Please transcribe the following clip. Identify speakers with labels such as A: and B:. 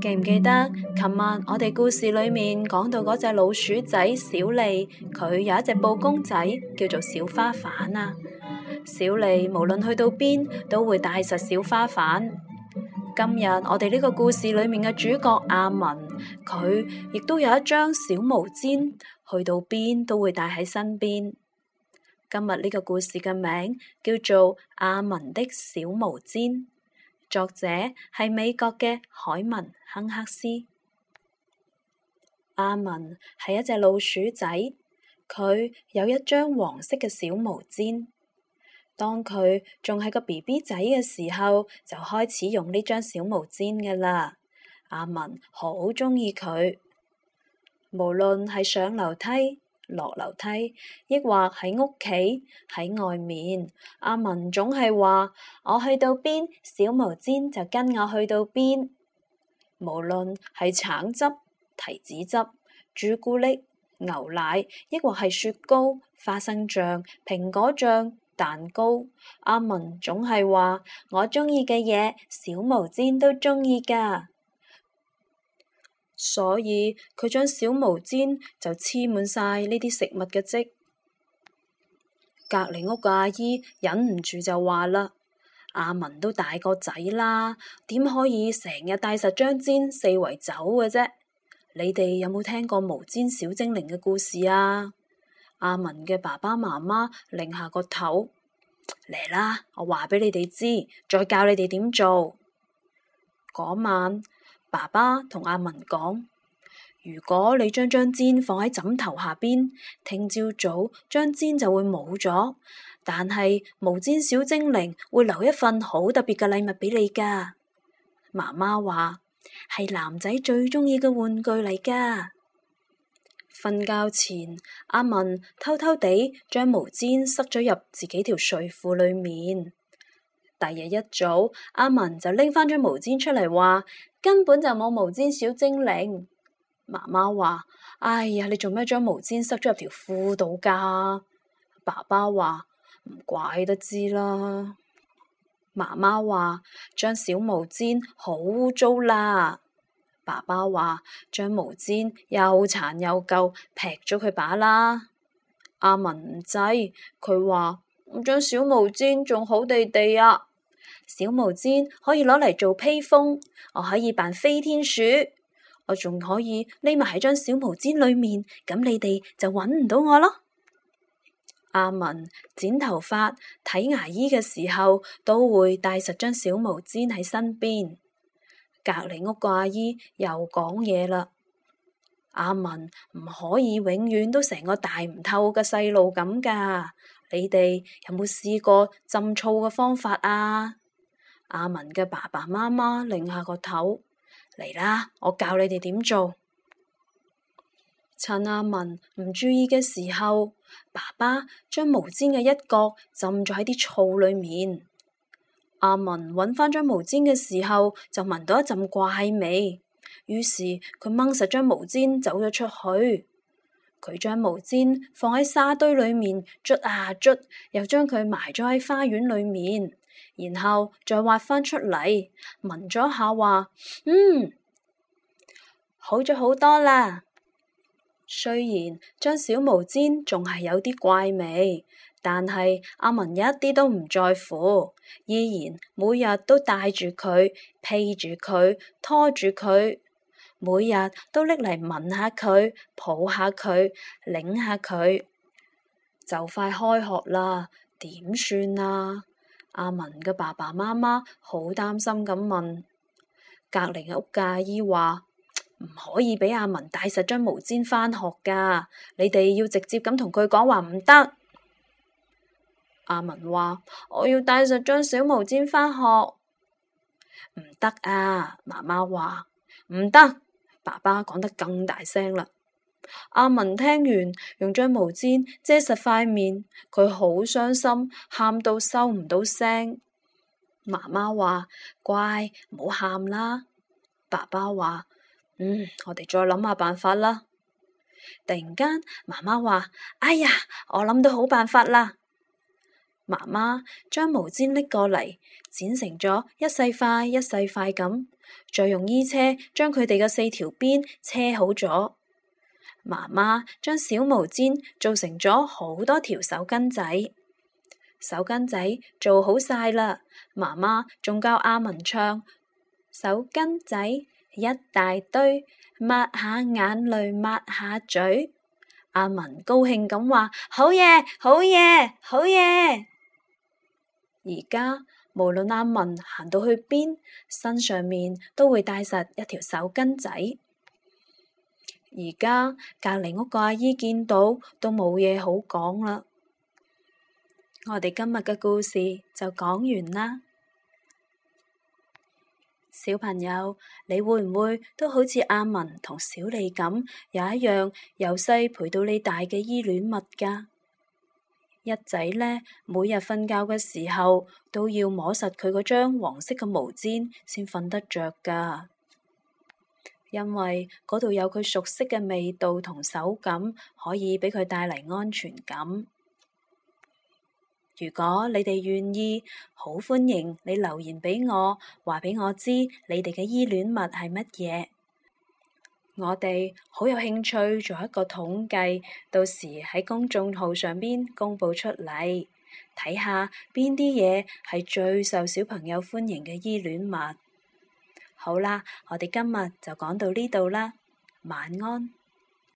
A: 記唔記得？琴日我哋故事裏面講到嗰隻老鼠仔小麗，佢有一隻布公仔叫做小花瓣啊。小麗無論去到邊都會帶實小花瓣。今日我哋呢個故事裏面嘅主角阿文，佢亦都有一張小毛氈，去到邊都會帶喺身邊。今日呢個故事嘅名叫做阿文的小毛氈。作者係美國嘅海文亨克斯。阿文係一隻老鼠仔，佢有一張黃色嘅小毛毯。當佢仲係個 B B 仔嘅時候，就開始用呢張小毛毯嘅啦。阿文好中意佢，無論係上樓梯，落樓梯，抑或喺屋企、喺外面，阿文總係話：我去到邊，小毛氈就跟我去到邊。無論係橙汁、提子汁、朱古力、牛奶，抑或係雪糕、花生醬、蘋果醬、蛋糕，阿文總係話：我鍾意嘅嘢，小毛氈都鍾意噶。所以佢將小毛氈就黐滿曬呢啲食物嘅漬，隔離屋個阿姨忍唔住就話啦：阿文都大個仔啦，點可以成日帶實張氈四圍走嘅啫？你哋有冇聽過毛氈小精靈嘅故事啊？阿文嘅爸爸媽媽擰下個頭嚟啦，我話俾你哋知，再教你哋點做。嗰晚。.爸爸同阿文講：如果你將張氈放喺枕頭下邊，聽朝早張氈就會冇咗。但係毛氈小精靈會留一份好特別嘅禮物俾你噶。媽媽話係男仔最鍾意嘅玩具嚟噶。瞓覺前，阿文偷偷地將毛氈塞咗入自己條睡褲裏面。第日一早，阿文就拎翻張毛氈出嚟話，根本就冇毛氈小精靈。媽媽話：哎呀，你做咩將毛氈塞咗入條褲度？噶。爸爸話：唔怪得之啦。媽媽話：張小毛氈好污糟啦。爸爸話：張毛氈又殘又舊，劈咗佢把啦。阿文唔制，佢話：我張小毛氈仲好地地啊。小毛氈可以攞嚟做披風，我可以扮飛天鼠，我仲可以匿埋喺張小毛氈裏面，咁你哋就揾唔到我咯。阿文剪頭髮、睇牙醫嘅時候都會帶實張小毛氈喺身邊。隔籬屋個阿姨又講嘢啦，阿文唔可以永遠都成個大唔透嘅細路咁㗎。你哋有冇試過浸醋嘅方法啊？阿文嘅爸爸媽媽擰下個頭嚟啦，我教你哋點做。趁阿文唔注意嘅時候，爸爸將毛氈嘅一角浸咗喺啲醋裏面。阿文搵返張毛氈嘅時候，就聞到一陣怪味，於是佢掹實張毛氈走咗出去。佢將毛氈放喺沙堆裏面捽下捽，又將佢埋咗喺花園裏面。然後再挖返出嚟，聞咗下，話，嗯，好咗好多啦。雖然張小毛氈仲係有啲怪味，但係阿文一啲都唔在乎，依然每日都帶住佢，披住佢，拖住佢，每日都拎嚟聞下佢，抱下佢，擰下佢。就快開學啦，點算啊？阿文嘅爸爸媽媽好擔心咁問，隔離屋嘅阿姨話唔可以畀阿文帶實張毛氈返學噶，你哋要直接咁同佢講話唔得。阿文話我要帶實張小毛氈返學，唔得啊！媽媽話唔得，爸爸講得更大聲啦。阿文聽完用張毛氈遮實塊面，佢好傷心，喊到收唔到聲。媽媽話：乖，唔好喊啦。爸爸話：嗯，我哋再諗下辦法啦。突然間，媽媽話：哎呀，我諗到好辦法啦！媽媽將毛氈拎過嚟，剪成咗一細塊一細塊咁，再用衣車將佢哋嘅四條邊車好咗。媽媽將小毛氈做成咗好多條手巾仔，手巾仔做好晒啦。媽媽仲教阿文唱，手巾仔一大堆，抹下眼淚，抹下嘴。阿文高興咁話：好嘢，好嘢，好嘢！而家無論阿文行到去邊，身上面都會帶實一條手巾仔。而家隔籬屋個阿姨見到都冇嘢好講啦。我哋今日嘅故事就講完啦。小朋友，你會唔會都好似阿文同小麗咁，有一樣由細陪到你大嘅依戀物噶？一仔呢，每日瞓覺嘅時候都要摸實佢嗰張黃色嘅毛毯先瞓得着噶。因為嗰度有佢熟悉嘅味道同手感，可以俾佢帶嚟安全感。如果你哋願意，好歡迎你留言俾我，話俾我知你哋嘅依戀物係乜嘢，我哋好有興趣做一個統計，到時喺公眾號上邊公布出嚟，睇下邊啲嘢係最受小朋友歡迎嘅依戀物。好啦，我哋今日就講到呢度啦，晚安。